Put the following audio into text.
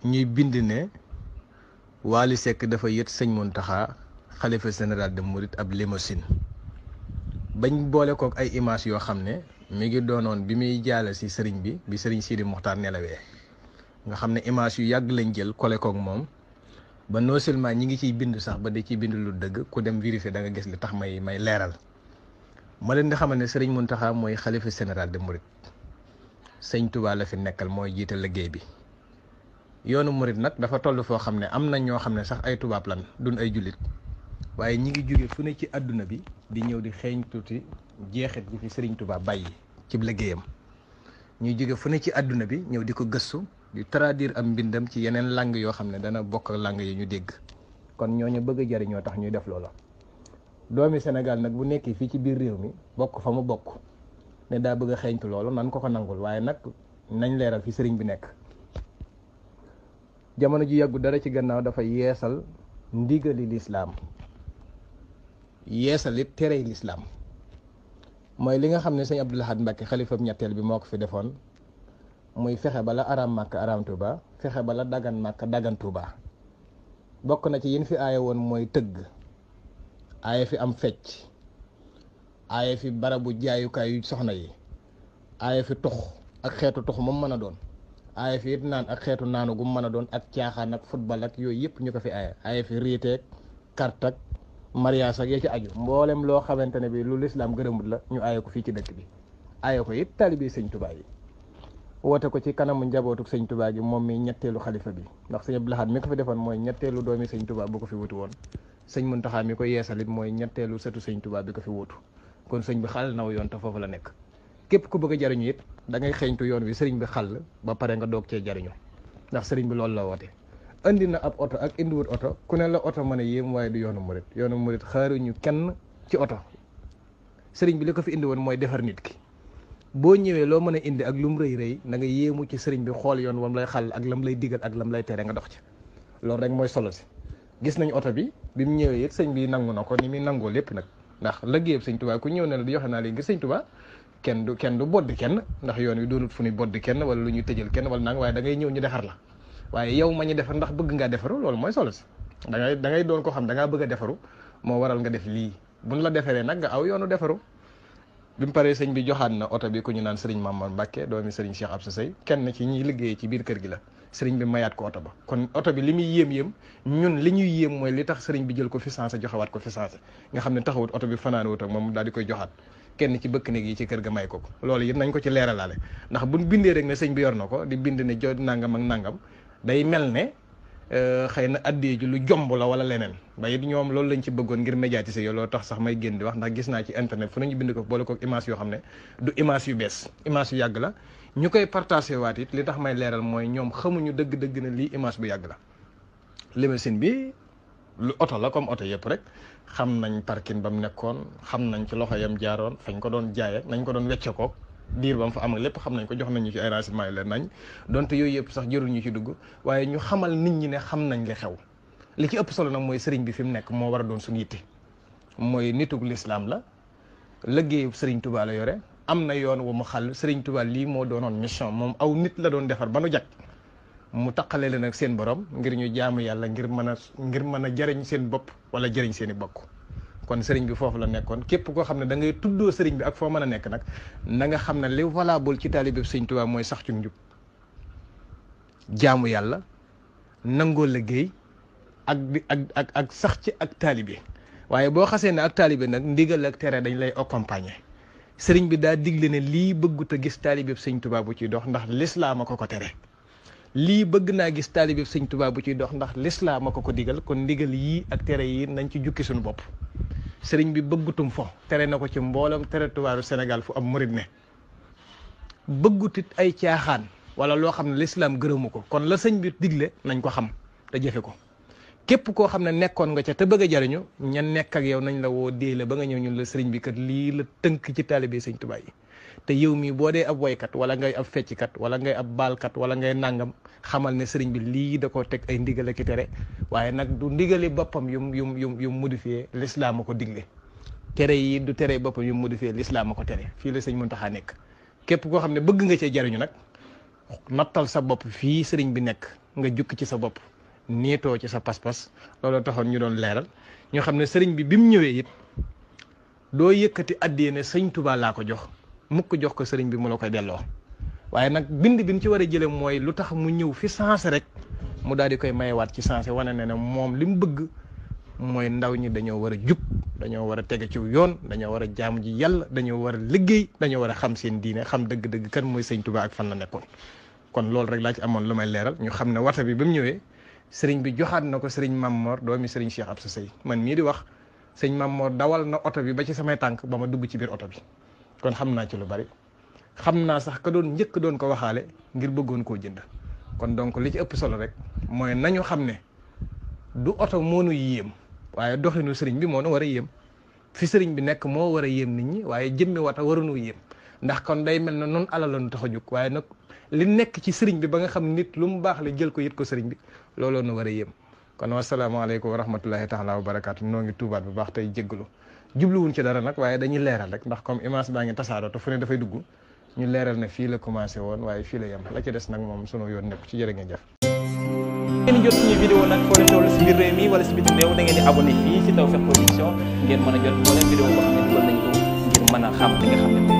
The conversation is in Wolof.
ñuy bind ne Wally sekk dafa yët sëñ Mountakha xalifa général de Mouride ab limousine bañ boole ay image yoo xam ne mi ngi doonoon bi muy jaale si sëriñ bi bi sëriñ Sidi Muxtaar nga xam ne image yu yàgg lañ jël kole moom ba non seulement ñi ngi ciy bind sax ba di ciy bind lu dëgg ku dem vérifier da nga gis li tax may may leeral ma leen di xamal ne sëriñ Mountakha mooy xalifa général de Mouride sëñ Touba la fi nekkal mooy jiite liggéey bi. yoonu morit nag dafa toll foo xam ne am na ñoo xam ne sax ay tubaab lan duñ ay jullit waaye ñi ngi jóge fu ne ci àdduna bi di ñëw di xeeñ tuuti jeexit gi fi sëriñ tubaab bàyyi ci liggéeyam ñuy jóge fu ne ci àdduna bi ñëw di ko gëstu di traduire am mbindam ci yeneen langue yoo xam ne dana bokk langue yi ñu dégg kon ñoo ñooñu bëgg a jariñoo tax ñuy def loola doomi Sénégal nag bu nekkee fii ci biir réew mi bokk fa mu bokk ne daa bëgg a xeeñtu loolu nan ko ko nangul waaye nag nañ leeral fi sëriñ bi nekk jamono ji yàggu dara ci gannaaw dafa yeesal ndigali lislaam yeesal it terey lislaam mooy li nga xam ne sëñ Abdul Ahad xalifam ñetteel bi moo ko fi defoon muy fexe ba la aram màkk aram tuuba fexe ba la dagan màkk dagan tuuba bokk na ci yin fi aaye woon mooy tëgg aaye fi am fecc aaye fi barabu jaayukaay yu soxna yi aaye fi tux ak xeetu tux moom mën a doon aaye fi it naan ak xeetu naanu gum mu mën a doon ak caaxaan ak football ak yooyu yëpp ñu ko fi aaye aaye fi riiteeg carte ak yee ci aju mboolem loo xamante ne bi lu lislaam gërëmut la ñu aaye ko fii ci dëkk bi aaye ko it taalibi sëñ Tuubaa yi woote ko ci kanamu njabootu sëñ Tuubaa bi moom mii ñetteelu xalifa bi ndax sëñ Abdul Ahad mi ko fi defoon mooy ñetteelu doomi sëñ Tuubaa bu ko fi wutu woon sëñ Muntaxaa mi ko yeesalit mooy ñetteelu sëtu sëñ Tuubaa bi ko fi wutu kon sëñ bi xaal naw yoon te foofu la nekk képp ku bëgg a jariñu it da ngay xeeñtu yoon wi sëriñ bi xàll ba pare nga doog cee jariñu ndax sëriñ bi loolu la woote indi na ab oto ak indiwut oto ku ne la oto mën a yéem waaye du yoonu murit yoonu murit xaaruñu kenn ci oto sëriñ bi li ko fi indi woon mooy defar nit ki boo ñëwee loo mën a indi ak lu mu rëy rëy na nga yéemu ci sëriñ bi xool yoon wam lay xàll ak lam lay digal ak lam lay tere nga dox ci loolu rek mooy solo si gis nañ oto bi bi mu ñëwee it sëñ bi nangu na ko ni muy nangoo lépp nag ndax lëggéeyam sëñ Tuubaa ku ñëw ne di joxe naa lii ngir sëñ Tuubaa kenn du kenn du boddi kenn ndax yoon wi doonut fu ñuy boddi kenn wala lu ñuy tëjal kenn wala nang waaye da ngay ñëw ñu defar la waaye yow ma ñu defar ndax bëgg nga defaru loolu mooy solo si da ngay da ngay doon ko xam da ngaa bëgg defaru moo waral nga def lii buñ la defaree nag aw yoonu defaru bi mu paree sëñ bi joxaat na oto bi ku ñu naan sëriñ Mamadou Mbacke doomi sëriñ Cheikh Absa Sey kenn ci ñi liggéeyee ci biir kër gi la sëriñ bi mayaat ko oto ba kon oto bi li muy yéem yéem ñun li ñuy yéem mooy li tax sëriñ bi jël ko fi sancé joxewaat ko fi sancé nga xam ne taxawut oto bi fanaan ak moom daal di koy joxaat kenn ci bëkk néeg yi ci kër ga may ko ko loolu it nañ ko ci leeralaale ndax buñ bindee rek na sëñ bi yor na ko di bind ne jo nangam ak nangam day mel ne euh, xëy na addee ji lu jomb la wala leneen ba it ñoom loolu lañ ci bëggoon ngir médiatiser yo loolu tax sax may génn di wax ndax gis naa ci internet fu ñu bind ko boole ko image yoo xam ne du image yu bees image yu yàgg la ñu koy partagé waat it li tax may leeral mooy ñoom xamuñu dëgg-dëgg na lii image bu yàgg la bi lu oto la comme oto yëpp rek xam nañ parkin ba mu nekkoon xam nañ ci loxo yam jaaroon fañ ko doon jaayee nañ ko doon wecce ko diir ba mu fa am lépp xam nañ ko jox nañ ci ay leen nañ donte yooyu yëpp sax jërul ñu ci dugg waaye ñu xamal nit ñi ne xam nañ li xew li ci ëpp solo nag mooy sëriñ bi fi mu nekk moo war a doon suñu yitte mooy nitug lislaam la liggéeyu sëriñ Tuubaa yore am na yoon wu mu xàll sëriñ Tuubaa lii moo doonoon mission moom aw nit la doon defar ba nu jag mu taqale leen ak seen borom ngir ñu jaamu yàlla ngir mën a ngir mën a jariñ seen bopp wala jëriñ seeni bokk kon sëriñ bi foofu la nekkoon képp koo xam ne dangay tuddoo sëriñ bi ak foo mën a nekk nag nanga xam ne li valable ci taalibe sëriñ Tuubaa mooy sax ci njub jaamu yàlla nangoo liggéey ak ak ak sax ci ak taalibe waaye boo xasee ne ak taalibe nag ndigal ak tere dañ lay accompagner sëriñ bi daa digle ne lii bëggut a gis taalibe sëriñ Tuubaa bu ciy dox ndax lislaam a ko ko tere lii bëgg naa gis taalibe sëñ Tuubaa bu ciy dox ndax lislaam a ko ko digal kon ndigal yii ak tere yi nañ ci jukki suñu bopp sëriñ bi bëggutum fo tere na ko ci mbooloom tere tuwaaru senegal fu am murit ne bëggutit ay caaxaan wala loo xam ne lislaam gërëmu ko kon la sëñ bi digle nañ ko xam te jëfe ko képp koo xam ne nekkoon nga ca te bëgg a jariñu ña nekk ak yow nañ la woo dee ba nga ñëw ñun la sëriñ bi kat lii la tënk ci taalibe sëñ Tuubaa yi te yow mii boo dee ab woykat wala ngay ab fecckat wala ngay ab baalkat wala ngay nàngam xamal ne sëriñ bi lii da koo teg ay ndigale ki tere waaye nag du ndigali boppam yum yum yum yum modifié lislaam a ko digle tere yi du tere boppam yum modifié lislaam a ko tere fii la sëñ Muntaxa nekk képp koo xam ne bëgg nga cee jariñu nag nattal sa bopp fii sëriñ bi nekk nga jukki ci sa bopp niitoo ci sa pas-pas looloo taxoon ñu doon leeral ñu xam ne sëriñ bi bi mu ñëwee it doo yëkkati àddiyee ne sëñ Tuubaa laa ko jox mukk jox ko sëriñ bi mu la koy delloo waaye nag bind bi mu ci war a jëlee mooy lu tax mu ñëw fi sens rek mu daal di koy mayewaat ci sens wane na ne moom li mu bëgg mooy ndaw ñi dañoo war a jub dañoo war a tege ci yoon dañoo war a jaamu ji yàlla dañoo war a liggéey dañoo war a xam seen diine xam dëgg-dëgg kan mooy sëñ Tuubaa ak fan la nekkoon. kon loolu rek laa ci amoon lu may leeral ñu xam ne wata bi ba mu ñëwee sëriñ bi joxaat na ko sëriñ Mamor doomi sëriñ Cheikh Absa Sey man mii di wax sëñ Mamor dawal na oto bi ba ci samay tànk ba ma dugg ci biir oto bi. kon xam naa ci lu bari xam naa sax ka doon njëkk doon ko waxaale ngir bëggoon koo jënd kon donc li ci ëpp solo rek mooy nañu xam ne du oto moo nu yéem waaye doxinu sëriñ bi moo nu war a yéem fi sëriñ bi nekk moo war a yéem nit ñi waaye jëmmi wata warunu yéem ndax kon day mel na noonu alal la nu tax a jóg waaye nag li nekk ci sëriñ bi ba nga xam nit lu mu baax la jël ko yët ko sëriñ bi looloo nu war a yéem kon wasalaamaaleykum wa rahmatullahi taala wa barakaatu noo ngi tuubaat bu baax tey jéggalu jubluwuñ ci dara nag waaye dañuy leeral rek ndax comme image baa ngi tasaaroo te fu ne dafay dugg ñu leeral na fii la commencé woon waaye fii la yem la ci des nag moom sunu yoon nekk ci jërë ngeen jëf. ngeen jot suñu vidéo nag foo leen toll si biir réew mi wala si biti ngeen di abonné fii si Tawfekh ngeen mën a jot moo xam ne dugal nañ ko ngir mën a xam